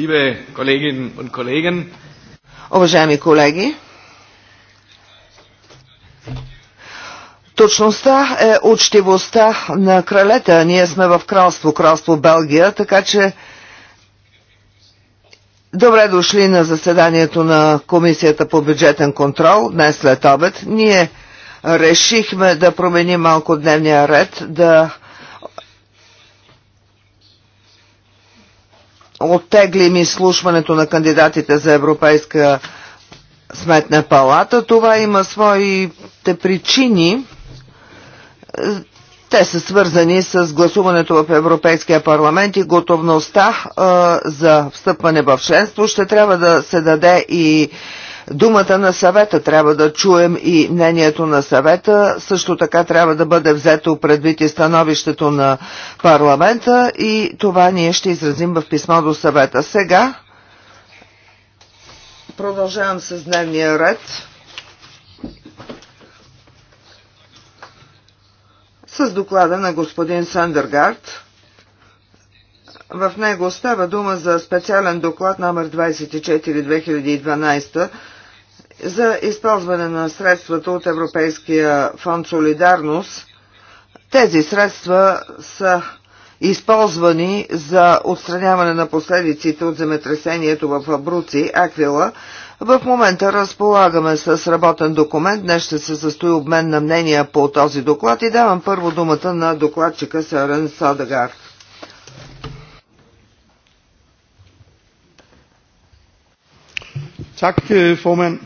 liebe Kolleginnen und Kollegen. Уважаеми колеги, Точността е учтивостта на кралета. Ние сме в кралство, кралство Белгия, така че добре дошли на заседанието на Комисията по бюджетен контрол днес след обед. Ние решихме да променим малко дневния ред, да оттеглим изслушването на кандидатите за Европейска сметна палата. Това има своите причини. Те са свързани с гласуването в Европейския парламент и готовността а, за встъпване в членство. Ще трябва да се даде и а, думата на съвета. Трябва да чуем и мнението на съвета. Също така трябва да бъде взето предвид и становището на парламента и това ние ще изразим в писмо до съвета. Сега продължавам с дневния ред. С доклада на господин Сандергард. В него става дума за специален доклад номер 24-2012 за използване на средствата от Европейския фонд Солидарност. Тези средства са използвани за отстраняване на последиците от земетресението в Абруци, Аквила. В момента разполагаме с работен документ. Днес ще се състои обмен на мнения по този доклад и давам първо думата на докладчика Сърен Садагар. Tak, øh, formand.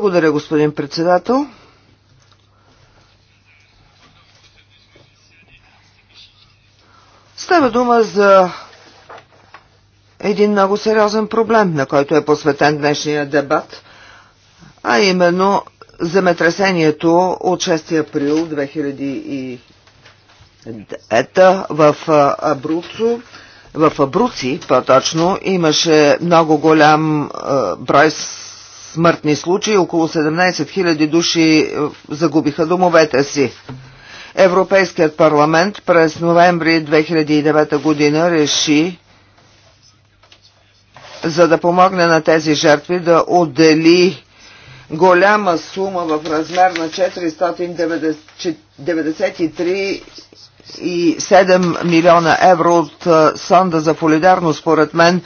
Благодаря, господин председател. Става дума за един много сериозен проблем, на който е посветен днешния дебат, а именно земетресението от 6 април 2009 в Абруцо. В Абруци, по-точно, имаше много голям брой смъртни случаи. Около 17 000 души е, загубиха домовете си. Европейският парламент през ноември 2009 година реши за да помогне на тези жертви да отдели голяма сума в размер на 493,7 милиона евро от е, Сонда за солидарност, според мен,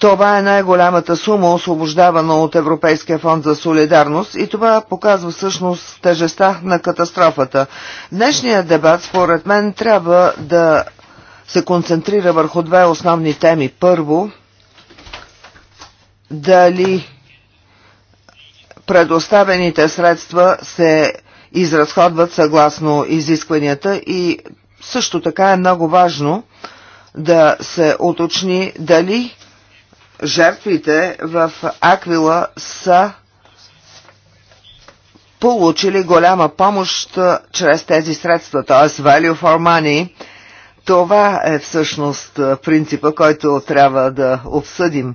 това е най-голямата сума, освобождавана от Европейския фонд за солидарност и това показва всъщност тежеста на катастрофата. Днешният дебат, според мен, трябва да се концентрира върху две основни теми. Първо, дали предоставените средства се изразходват съгласно изискванията и също така е много важно да се уточни дали жертвите в Аквила са получили голяма помощ чрез тези средства, т.е. value for money. Това е всъщност принципа, който трябва да обсъдим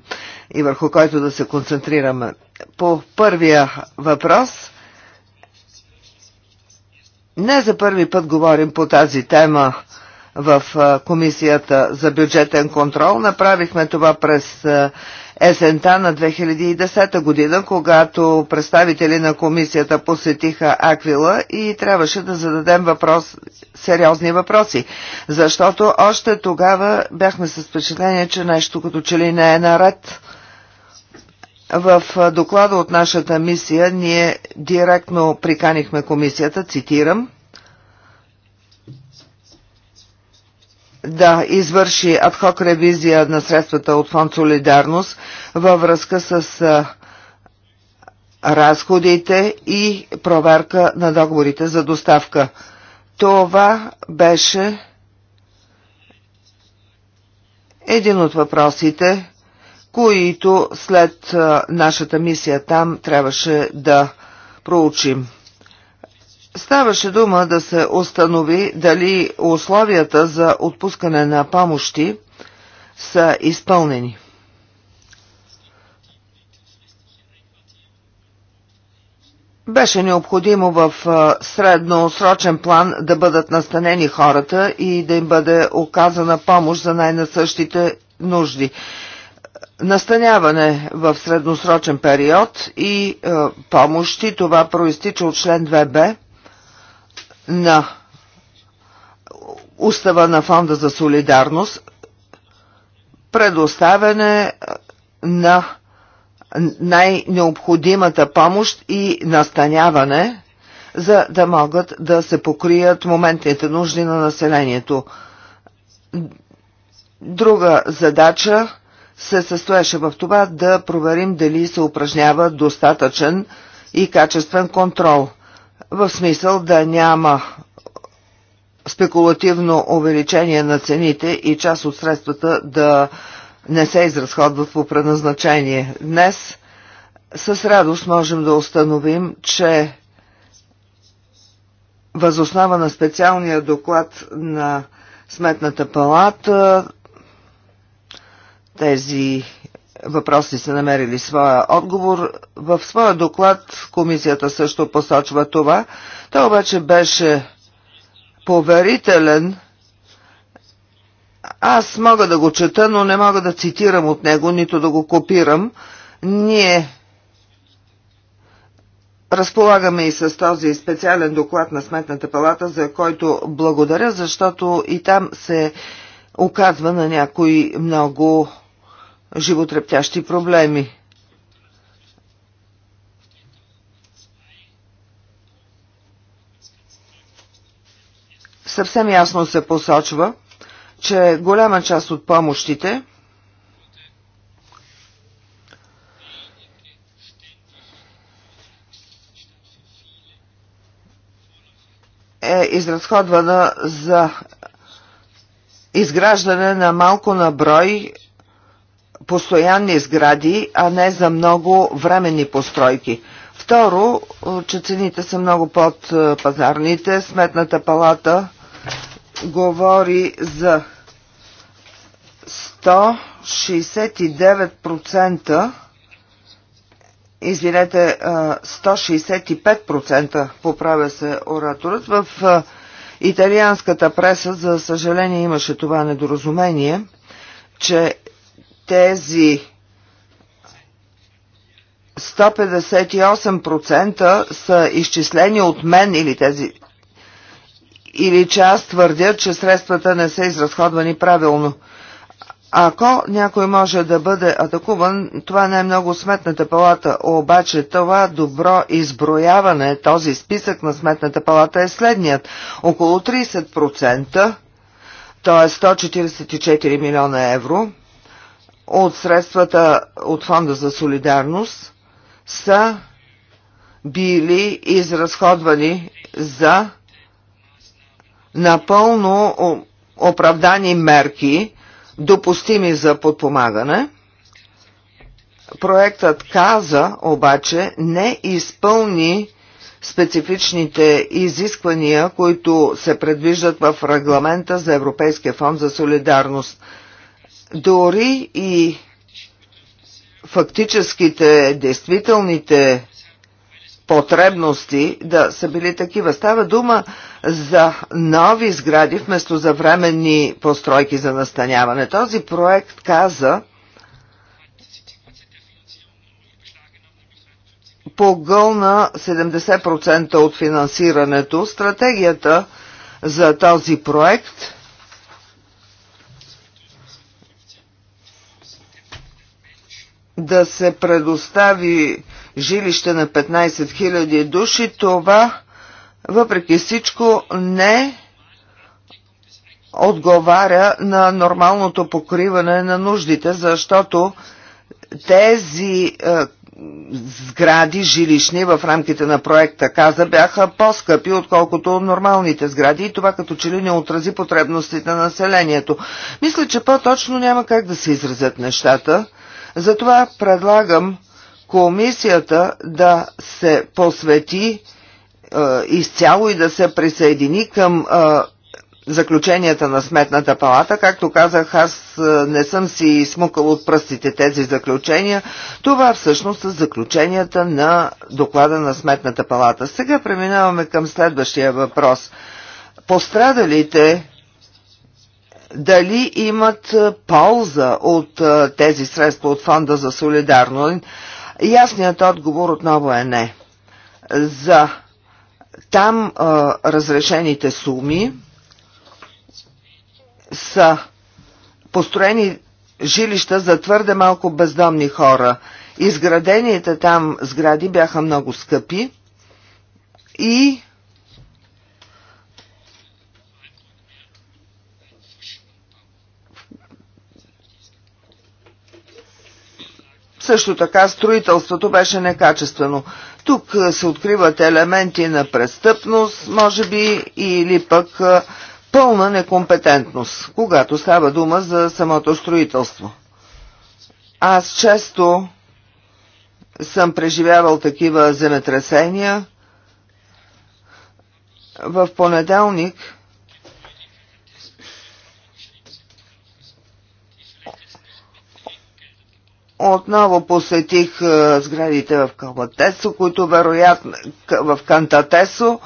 и върху който да се концентрираме. По първия въпрос, не за първи път говорим по тази тема в Комисията за бюджетен контрол. Направихме това през есента на 2010 година, когато представители на комисията посетиха Аквила и трябваше да зададем въпрос, сериозни въпроси, защото още тогава бяхме с впечатление, че нещо като че ли не е наред. В доклада от нашата мисия ние директно приканихме комисията, цитирам – да извърши адхок ревизия на средствата от фонд Солидарност във връзка с разходите и проверка на договорите за доставка. Това беше един от въпросите, които след нашата мисия там трябваше да проучим. Ставаше дума да се установи дали условията за отпускане на помощи са изпълнени. Беше необходимо в средносрочен план да бъдат настанени хората и да им бъде оказана помощ за най-насъщите нужди. Настаняване в средносрочен период и помощи, това проистича от член 2б на устава на Фонда за солидарност, предоставяне е, на най-необходимата помощ и настаняване, за да могат да се покрият моментните нужди на населението. Друга задача се състоеше в това да проверим дали се упражнява достатъчен и качествен контрол – в смисъл да няма спекулативно увеличение на цените и част от средствата да не се изразходват по предназначение. Днес с радост можем да установим, че възоснава на специалния доклад на Сметната палата тези въпроси са намерили своя отговор. В своя доклад комисията също посочва това. Той обаче беше поверителен. Аз мога да го чета, но не мога да цитирам от него, нито да го копирам. Ние Разполагаме и с този специален доклад на Сметната палата, за който благодаря, защото и там се оказва на някои много животрептящи проблеми. Съвсем ясно се посочва, че голяма част от помощите е изразходвана за изграждане на малко на брой постоянни сгради, а не за много временни постройки. Второ, е, че цените са много под е, пазарните. Сметната палата говори за 169%, извинете, 165% е, поправя се ораторът. В италианската преса, за съжаление, имаше това недоразумение, че тези 158% са изчислени от мен или тези или че аз твърдя, че средствата не са изразходвани правилно. Ако някой може да бъде атакуван, това не е много сметната палата, обаче това добро изброяване, този списък на сметната палата е следният. Около 30%, т.е. 144 милиона евро – от средствата от Фонда за солидарност са били изразходвани за напълно оправдани мерки, допустими за подпомагане. Проектът Каза обаче не изпълни специфичните изисквания, които се предвиждат в регламента за Европейския фонд за солидарност – дори и фактическите, действителните потребности да са били такива. Става дума за нови сгради вместо за временни постройки за настаняване. Този проект каза, погълна 70% от финансирането. Стратегията за този проект да се предостави жилище на 15 000 души, това въпреки всичко не отговаря на нормалното покриване на нуждите, защото тези е, сгради жилищни в рамките на проекта Каза бяха по-скъпи, отколкото нормалните сгради и това като че ли не отрази потребностите на населението. Мисля, че по-точно няма как да се изразят нещата. Затова предлагам комисията да се посвети е, изцяло и да се присъедини към е, заключенията на Сметната палата. Както казах, аз е, не съм си смукал от пръстите тези заключения. Това всъщност са заключенията на доклада на Сметната палата. Сега преминаваме към следващия въпрос. Пострадалите дали имат полза от тези средства от Фонда за солидарно. Ясният отговор отново е не. За там разрешените суми са построени жилища за твърде малко бездомни хора. Изградените там сгради бяха много скъпи и Също така строителството беше некачествено. Тук се откриват елементи на престъпност, може би, или пък пълна некомпетентност, когато става дума за самото строителство. Аз често съм преживявал такива земетресения. В понеделник Отново посетих е, сградите в Калатесо, които вероятно в Кантатесо,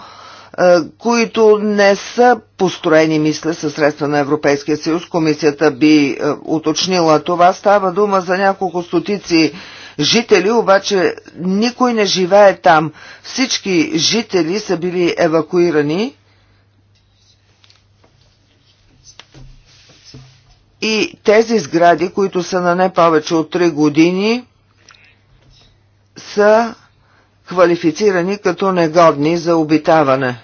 е, които не са построени, мисля, със средства на Европейския съюз. Комисията би е, уточнила това. Става дума за няколко стотици жители, обаче никой не живее там. Всички жители са били евакуирани И тези сгради, които са на не повече от 3 години, са квалифицирани като негодни за обитаване.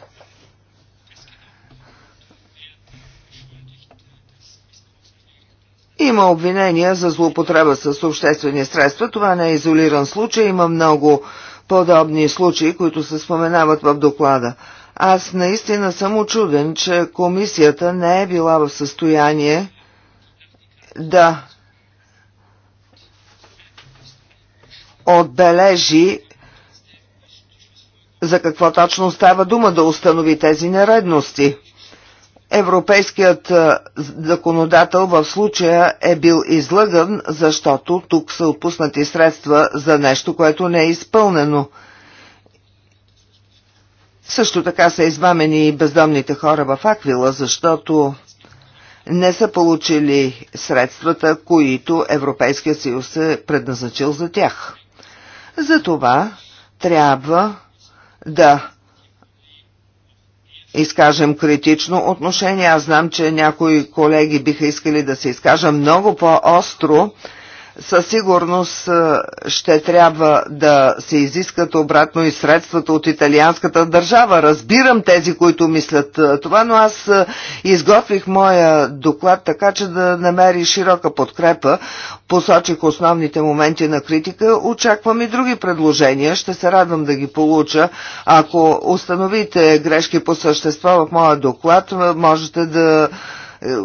Има обвинения за злоупотреба с обществени средства. Това не е изолиран случай. Има много подобни случаи, които се споменават в доклада. Аз наистина съм очуден, че комисията не е била в състояние да отбележи за какво точно става дума да установи тези нередности. Европейският законодател в случая е бил излъган, защото тук са отпуснати средства за нещо, което не е изпълнено. Също така са измамени и бездомните хора в Аквила, защото не са получили средствата, които Европейския съюз е предназначил за тях. Затова трябва да изкажем критично отношение. Аз знам, че някои колеги биха искали да се изкажа много по-остро със сигурност ще трябва да се изискат обратно и средствата от италианската държава. Разбирам тези, които мислят това, но аз изготвих моя доклад така, че да намери широка подкрепа. Посочих основните моменти на критика. Очаквам и други предложения. Ще се радвам да ги получа. Ако установите грешки по същество в моя доклад, можете да е,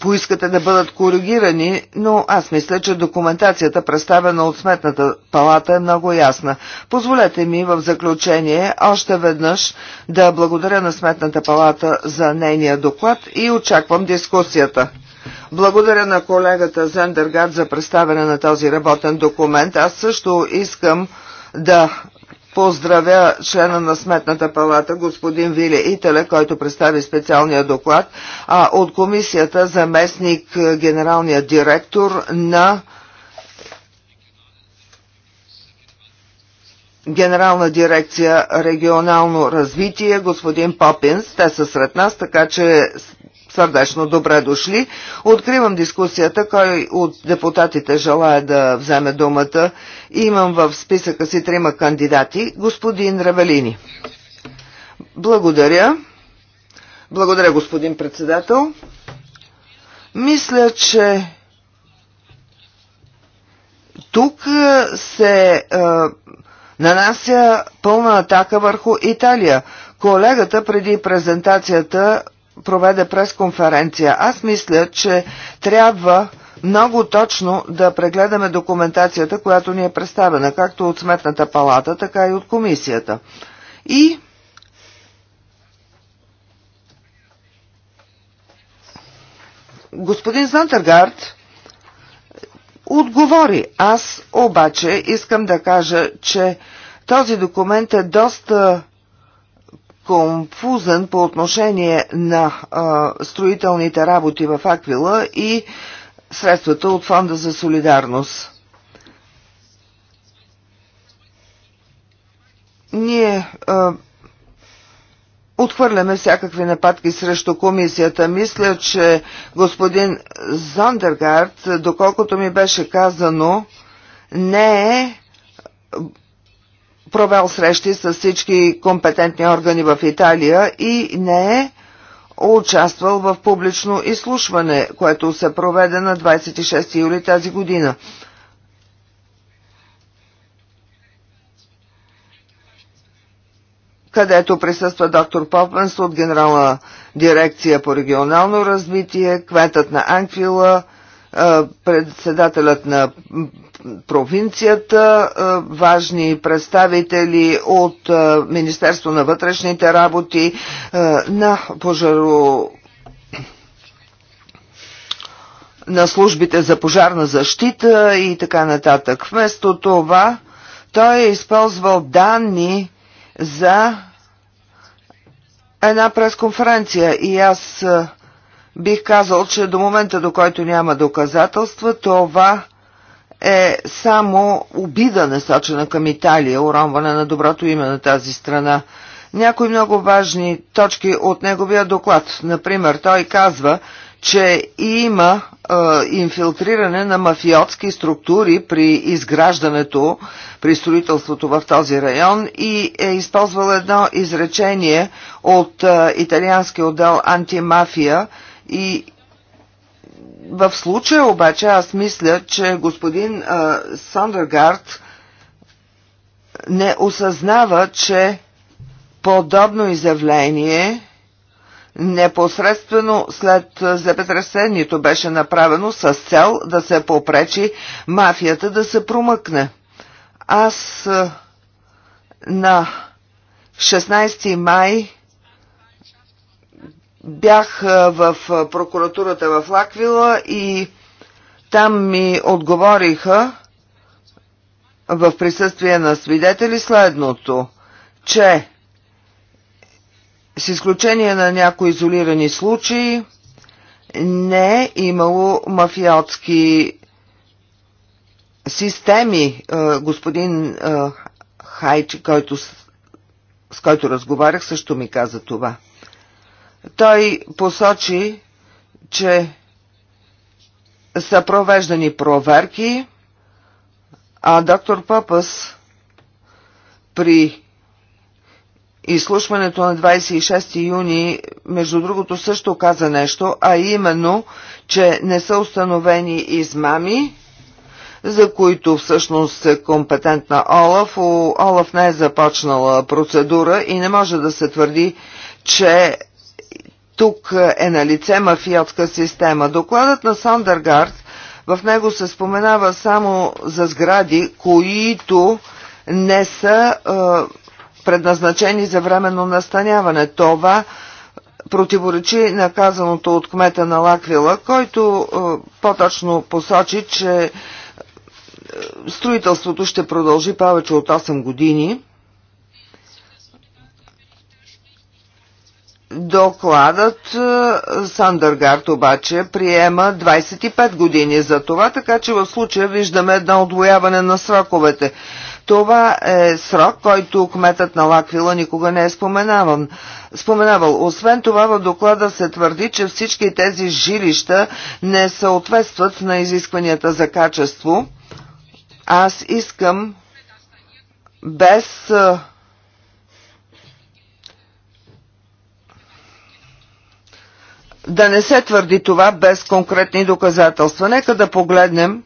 поискате да бъдат коригирани, но аз мисля, че документацията, представена от Сметната палата, е много ясна. Позволете ми в заключение още веднъж да благодаря на Сметната палата за нейния доклад и очаквам дискусията. Благодаря на колегата Зендергард за представяне на този работен документ. Аз също искам да поздравя члена на Сметната палата господин Виле Ителе, който представи специалния доклад, а от комисията заместник е, генералния директор на Генерална дирекция регионално развитие, господин Попинс. Те са сред нас, така че сърдечно добре дошли. Откривам дискусията. Кой от депутатите желая да вземе думата? Имам в списъка си трима кандидати. Господин Равелини. Благодаря. Благодаря, господин председател. Мисля, че тук се е, нанася пълна атака върху Италия. Колегата преди презентацията проведе пресконференция. Аз мисля, че трябва много точно да прегледаме документацията, която ни е представена, както от Сметната палата, така и от комисията. И господин Зантергард отговори. Аз обаче искам да кажа, че този документ е доста конфузен по отношение на а, строителните работи в Аквила и средствата от Фонда за солидарност. Ние а, Отхвърляме всякакви нападки срещу комисията. Мисля, че господин Зондергард, доколкото ми беше казано, не е провел срещи с всички компетентни органи в Италия и не е участвал в публично изслушване, което се проведе на 26 юли тази година. където присъства доктор Попенс от генерална дирекция по регионално развитие, кметът на Анквила, председателят на провинцията, е, важни представители от е, Министерство на вътрешните работи, е, на пожаро на службите за пожарна защита и така нататък. Вместо това той е използвал данни за една пресконференция и аз бих казал, че до момента, до който няма доказателства, това е само обида насочена към Италия, уронване на доброто име на тази страна. Някои много важни точки от неговия доклад. Например, той казва, че има е, инфилтриране на мафиотски структури при изграждането, при строителството в този район и е използвал едно изречение от е, италианския отдел антимафия и в случая обаче аз мисля, че господин а, не осъзнава, че подобно изявление непосредствено след земетресението беше направено с цел да се попречи мафията да се промъкне. Аз а, на 16 май бях в прокуратурата в Лаквила и там ми отговориха в присъствие на свидетели следното, че с изключение на някои изолирани случаи не е имало мафиотски системи. Господин Хайчи, който, с който разговарях, също ми каза това. Той посочи, че са провеждани проверки, а доктор Пъпъс при изслушването на 26 юни, между другото, също каза нещо, а именно, че не са установени измами, за които всъщност е компетентна Олаф. Олаф не е започнала процедура и не може да се твърди, че тук е, е на лице мафиотска система. Докладът на Сандергард в него се споменава само за сгради, които не са е, предназначени за временно настаняване. Това противоречи наказаното от кмета на Лаквила, който е, по-точно посочи, че е, строителството ще продължи повече от 8 години Докладът е, Сандъргард обаче приема 25 години за това, така че в случая виждаме едно отвояване на сроковете. Това е срок, който кметът на Лаквила никога не е споменаван. споменавал. Освен това в доклада се твърди, че всички тези жилища не съответстват на изискванията за качество. Аз искам без е, да не се твърди това без конкретни доказателства. Нека да погледнем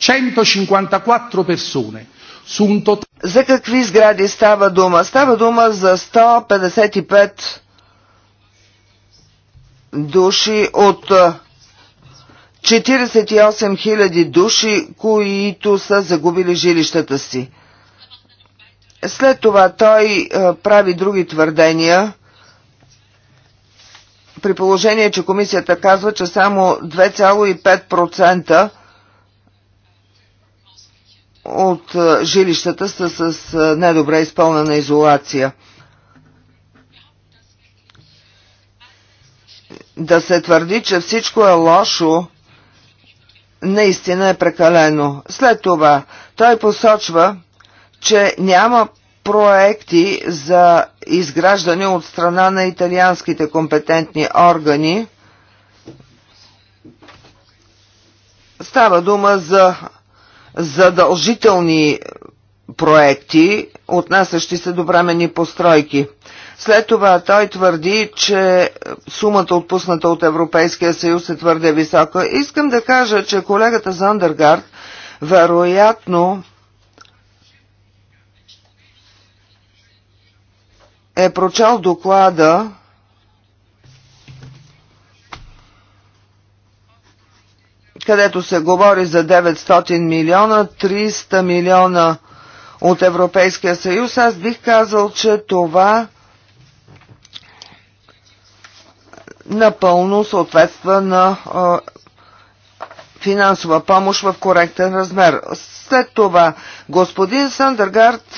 154 персоне. За какви сгради става дума? Става дума за 155 души от 48 000 души, които са загубили жилищата си. След това той прави други твърдения – при положение, че комисията казва, че само 2,5% от е, жилищата са с е, недобре изпълнена изолация. Да се твърди, че всичко е лошо, наистина е прекалено. След това той посочва, че няма проекти за изграждане от страна на италианските компетентни органи. Става дума за задължителни проекти, отнасящи се до времени постройки. След това той твърди, че сумата отпусната от Европейския съюз е твърде висока. Искам да кажа, че колегата Зандергард вероятно е прочел доклада където се говори за 900 милиона, 300 милиона от Европейския съюз, аз бих казал, че това напълно съответства на финансова помощ в коректен размер. След това господин Сандергард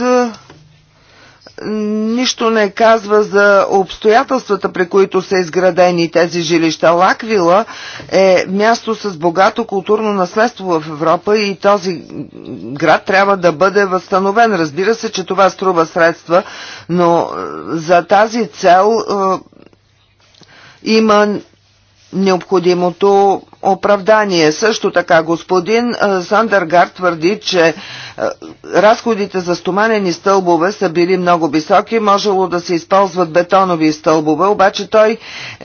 нищо не казва за обстоятелствата, при които са изградени тези жилища. Лаквила е място с богато културно наследство в Европа и този град трябва да бъде възстановен. Разбира се, че това струва средства, но е, за тази цел е, има необходимото оправдание. Също така господин Сандъргар твърди, че разходите за стоманени стълбове са били много високи, можело да се използват бетонови стълбове, обаче той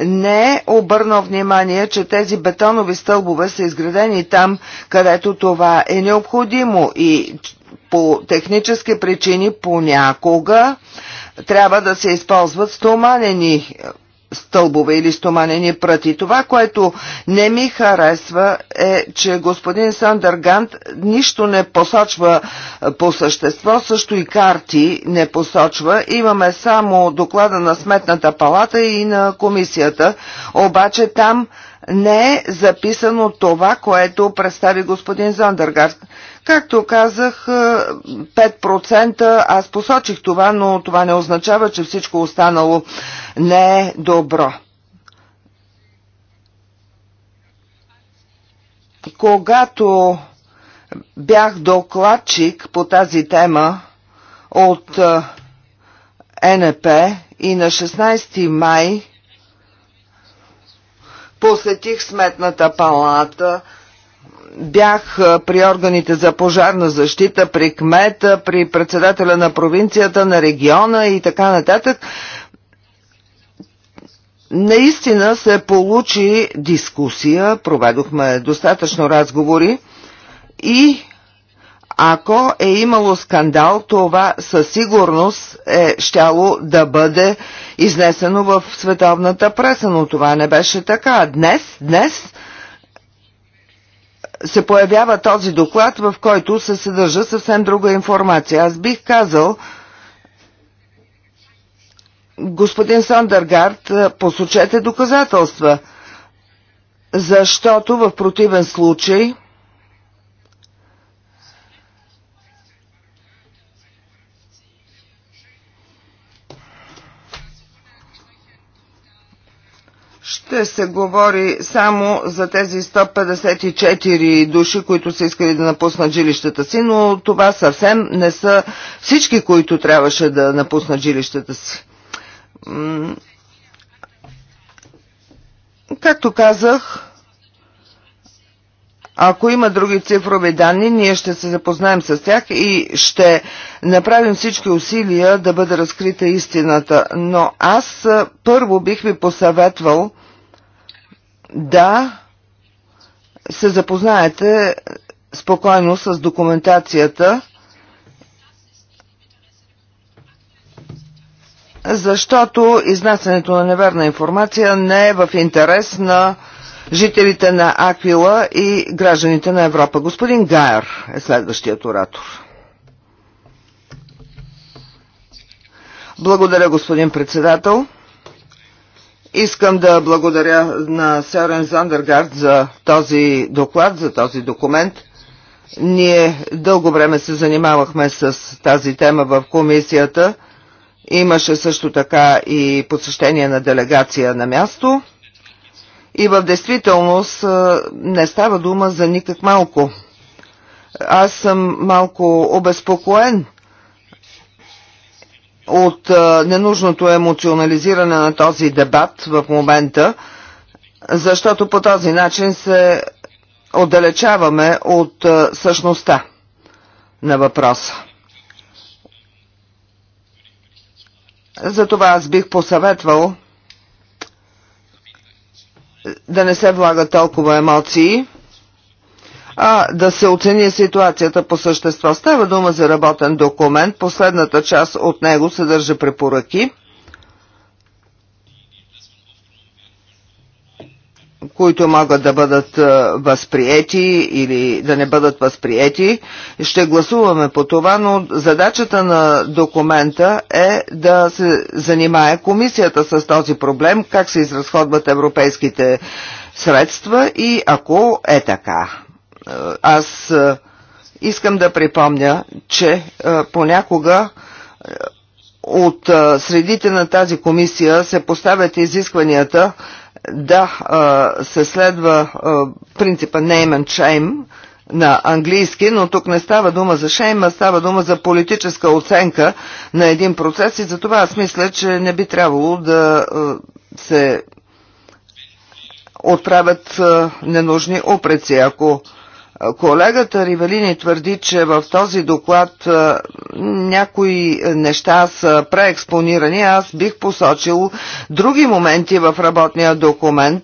не е обърнал внимание, че тези бетонови стълбове са изградени там, където това е необходимо и по технически причини понякога трябва да се използват стоманени стълбове или стоманени пръти. Това, което не ми харесва е, че господин Гант нищо не посочва е, по същество, също и карти не посочва. Имаме само доклада на Сметната палата и на комисията, обаче там не е записано това, което представи господин Зондергард. Както казах, 5% е, аз посочих това, но това не означава, че всичко останало не е добро. Когато бях докладчик по тази тема от е, НП и на 16 май посетих сметната палата – бях при органите за пожарна защита, при кмета, при председателя на провинцията, на региона и така нататък. Наистина се получи дискусия, проведохме достатъчно разговори и ако е имало скандал, това със сигурност е щяло да бъде изнесено в световната преса, но това не беше така. Днес, днес се появява този доклад, в който се съдържа съвсем друга информация. Аз бих казал, господин Сандергард, е, посочете доказателства, защото в противен случай ще се говори само за тези 154 души, които са искали да напуснат жилищата си, но това съвсем не са всички, които трябваше да напуснат жилищата си. Както казах, ако има други цифрови данни, ние ще се запознаем с тях и ще направим всички усилия да бъде разкрита истината. Но аз първо бих ви посъветвал да се запознаете спокойно с документацията, защото изнасянето на неверна информация не е в интерес на жителите на Аквила и гражданите на Европа. Господин Гайер е следващият оратор. Благодаря, господин председател. Искам да благодаря на Сърен Зандергард за този доклад, за този документ. Ние дълго време се занимавахме с тази тема в комисията. Имаше също така и посещение на делегация на място. И в действителност не става дума за никак малко. Аз съм малко обезпокоен от ненужното емоционализиране на този дебат в момента, защото по този начин се отдалечаваме от същността на въпроса. Затова аз бих посъветвал да не се влагат толкова емоции а да се оцени ситуацията по същество. Става дума за работен документ, последната част от него съдържа препоръки, които могат да бъдат възприети или да не бъдат възприети. Ще гласуваме по това, но задачата на документа е да се занимае комисията с този проблем, как се изразходват европейските средства и ако е така аз искам да припомня, че понякога от средите на тази комисия се поставят изискванията да се следва принципа name and shame на английски, но тук не става дума за шейм, а става дума за политическа оценка на един процес и затова аз мисля, че не би трябвало да се отправят ненужни опреци. Ако Колегата Ривелини твърди, че в този доклад някои неща са преекспонирани. Аз бих посочил други моменти в работния документ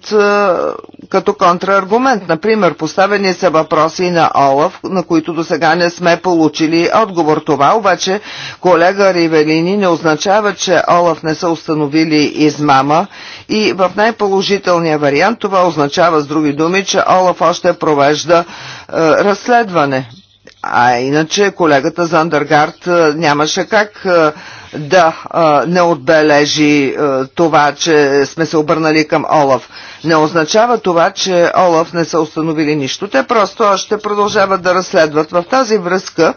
като контраргумент. Например, поставени са въпроси на Олаф, на които до сега не сме получили отговор. Това обаче колега Ривелини не означава, че Олаф не са установили измама и в най-положителния вариант това означава с други думи, че Олаф още провежда е, разследване. А иначе колегата Зандергард е, нямаше как е, да не отбележи това, че сме се обърнали към Олаф. Не означава това, че Олаф не са установили нищо. Те просто ще продължават да разследват. В тази връзка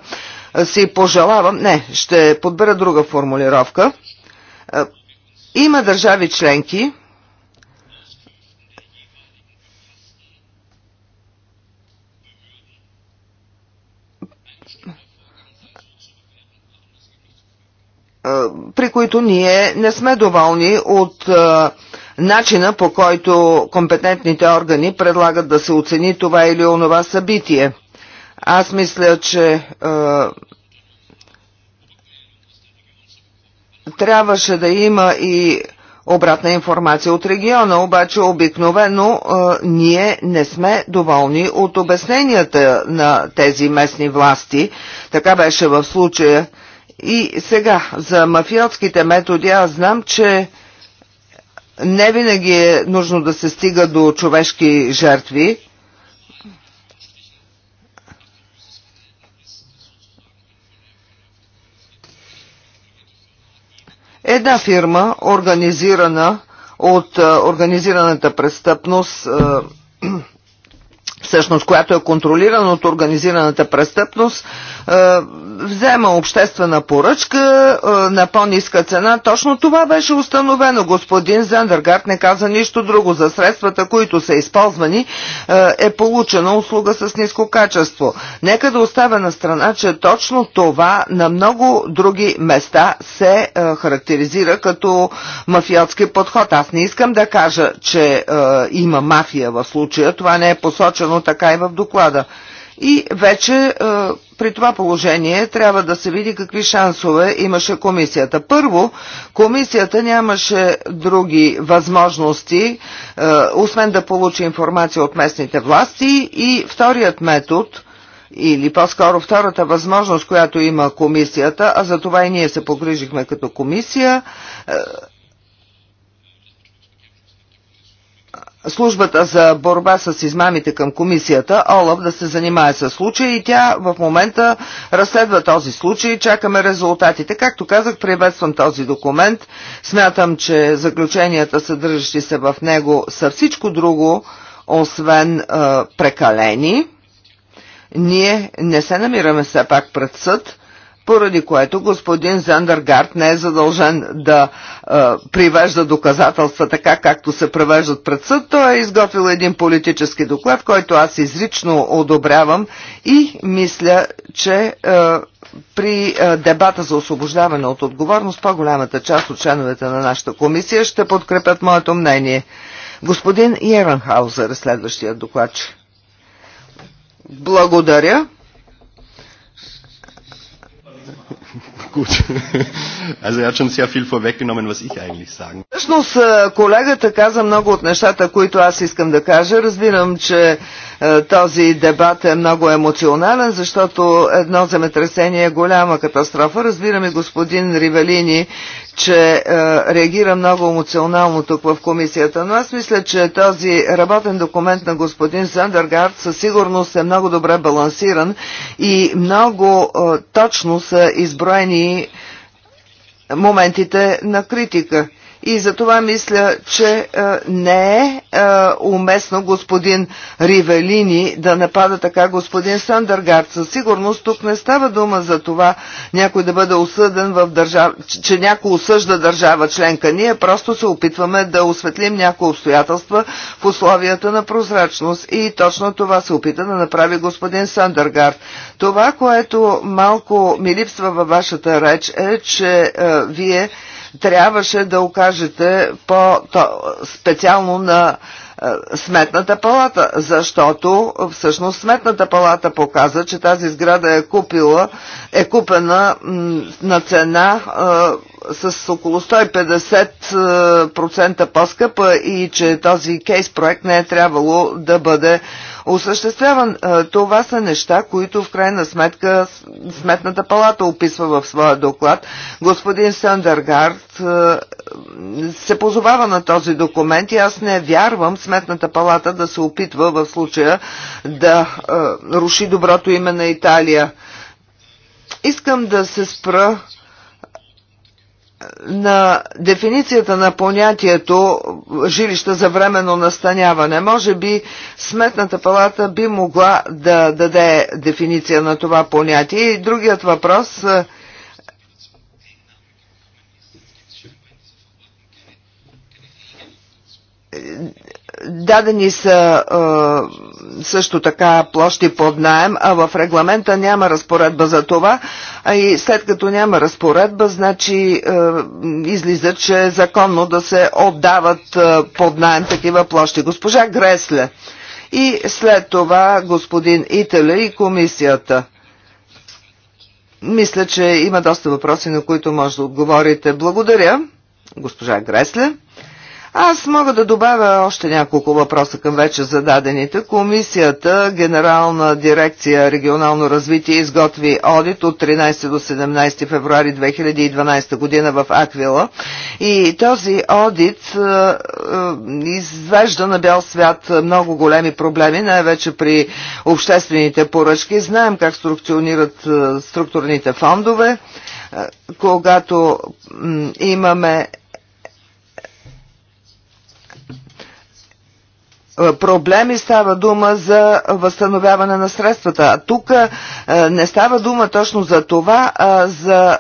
си пожелавам, не, ще подбера друга формулировка. Има държави членки, при които ние не сме доволни от начина по който компетентните органи предлагат да се оцени това или онова събитие. Аз мисля, че трябваше да има и обратна информация от региона, обаче обикновено ние не сме доволни от обясненията на тези местни власти. Така беше в случая и сега, за мафиотските методи, аз знам, че не винаги е нужно да се стига до човешки жертви. Една фирма, организирана от организираната престъпност, всъщност, която е контролирана от организираната престъпност, е, взема обществена поръчка е, на по-ниска цена. Точно това беше установено. Господин Зендергард не каза нищо друго. За средствата, които са използвани, е, е получена услуга с ниско качество. Нека да оставя на страна, че точно това на много други места се характеризира като мафиотски подход. Аз не искам да кажа, че има мафия в случая. Това не е посочено записано така и в доклада. И вече е, при това положение трябва да се види какви шансове имаше комисията. Първо, комисията нямаше други възможности, е, освен да получи информация от местните власти. И вторият метод – или по-скоро втората възможност, която има комисията, а за това и ние се погрижихме като комисия, е, службата за борба с измамите към комисията, Олаф, да се занимае с случая и тя в момента разследва този случай. Чакаме резултатите. Както казах, приветствам този документ. Смятам, че заключенията, съдържащи се в него, са всичко друго, освен е, прекалени. Ние не се намираме все пак пред съд поради което господин Зандергард не е задължен да е, привежда доказателства така, както се превеждат пред съд. Той е изготвил един политически доклад, който аз изрично одобрявам и мисля, че е, при е, дебата за освобождаване от отговорност по-голямата част от членовете на нашата комисия ще подкрепят моето мнение. Господин Еренхаузер е следващия докладчик. Благодаря. Gut. Also er hat schon sehr viel vorweggenommen, was ich eigentlich sagen. Всъщност колегата каза много от нещата, които аз искам да кажа. Разбирам, че този дебат е много емоционален, защото едно земетресение е голяма катастрофа. Разбираме господин Ривелини, че е, реагира много емоционално тук в комисията, но аз мисля, че този работен документ на господин Сандергард със сигурност е много добре балансиран и много е, точно са изброени моментите на критика и за това мисля, че е, не е, е уместно господин Ривелини да напада така господин Сандъргард. Със сигурност тук не става дума за това някой да бъде осъден в държава, че някой осъжда държава членка. Ние просто се опитваме да осветлим някои обстоятелства в условията на прозрачност и точно това се опита да направи господин Сандъргард. Това, което малко ми липсва във вашата реч е, че е, вие трябваше да окажете по, специално на е, Сметната палата, защото всъщност Сметната палата показа, че тази сграда е, купила, е купена на цена е, с около 150% е, по-скъпа и че този кейс проект не е трябвало да бъде осъществяван. Е, това са неща, които в крайна сметка Сметната палата описва в своя доклад. Господин Сандергард се позовава на този документ и аз не вярвам Сметната палата да се опитва в случая да е, руши доброто име на Италия. Искам да се спра е, на дефиницията на понятието жилища за временно настаняване. Може би Сметната палата би могла да даде дефиниция на това понятие. И другият въпрос е Дадени са е, също така площи под найем, а в регламента няма разпоредба за това, а и след като няма разпоредба, значи е, излиза, че е законно да се отдават е, под найем такива площи. Госпожа Гресле и след това господин Ителя и комисията. Мисля, че има доста въпроси, на които може да отговорите. Благодаря, госпожа Гресле. Аз мога да добавя още няколко въпроса към вече зададените. Комисията, Генерална дирекция регионално развитие изготви одит от 13 до 17 февруари 2012 година в Аквила и този одит е, е, извежда на бял свят много големи проблеми, най-вече при обществените поръчки. Знаем как структурират е, структурните фондове е, когато имаме Е, проблеми, става дума за възстановяване на средствата. А тук е, не става дума точно за това, а за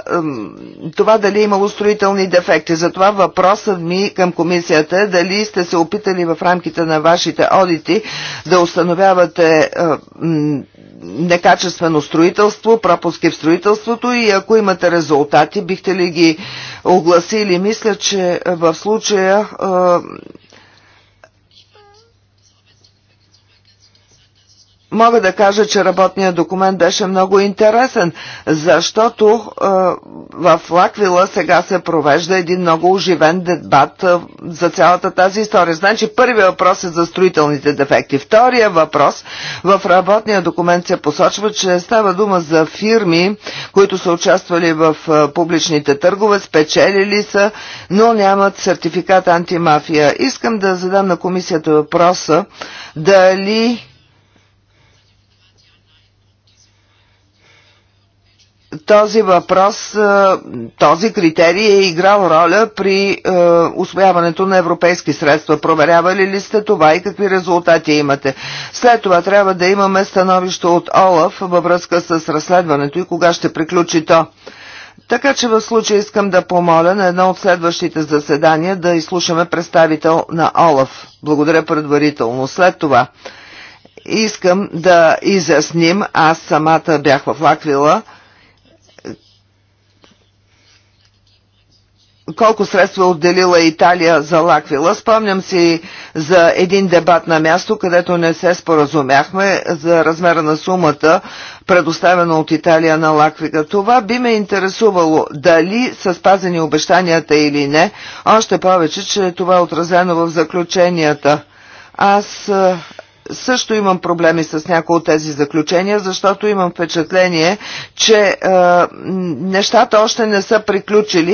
това дали е имало строителни дефекти. Затова въпросът ми към комисията е дали сте се опитали в рамките на вашите одити да установявате е, некачествено строителство, пропуски в строителството и ако имате резултати, бихте ли ги огласили? Мисля, че в случая мога да кажа, че работният документ беше много интересен, защото е, в Лаквила сега се провежда един много оживен дебат е, за цялата тази история. Значи първият въпрос е за строителните дефекти. Втория въпрос в работния документ се посочва, че става дума за фирми, които са участвали в е, публичните търгове, спечелили са, но нямат сертификат антимафия. Искам да задам на комисията въпроса дали този въпрос, е, този критерий е играл роля при освояването е, на европейски средства. Проверявали ли сте това и какви резултати имате? След това трябва да имаме становище от ОЛАФ във връзка с разследването и кога ще приключи то. Така че в случай искам да помоля на едно от следващите заседания да изслушаме представител на ОЛАФ. Благодаря предварително. След това искам да изясним, аз самата бях в Лаквила, колко средства е отделила Италия за Лаквила. Спомням си за един дебат на място, където не се споразумяхме за размера на сумата, предоставена от Италия на Лаквига. Това би ме интересувало дали са спазени обещанията или не, още повече, че това е отразено в заключенията. Аз също имам проблеми с някои от тези заключения, защото имам впечатление, че е, нещата още не са приключили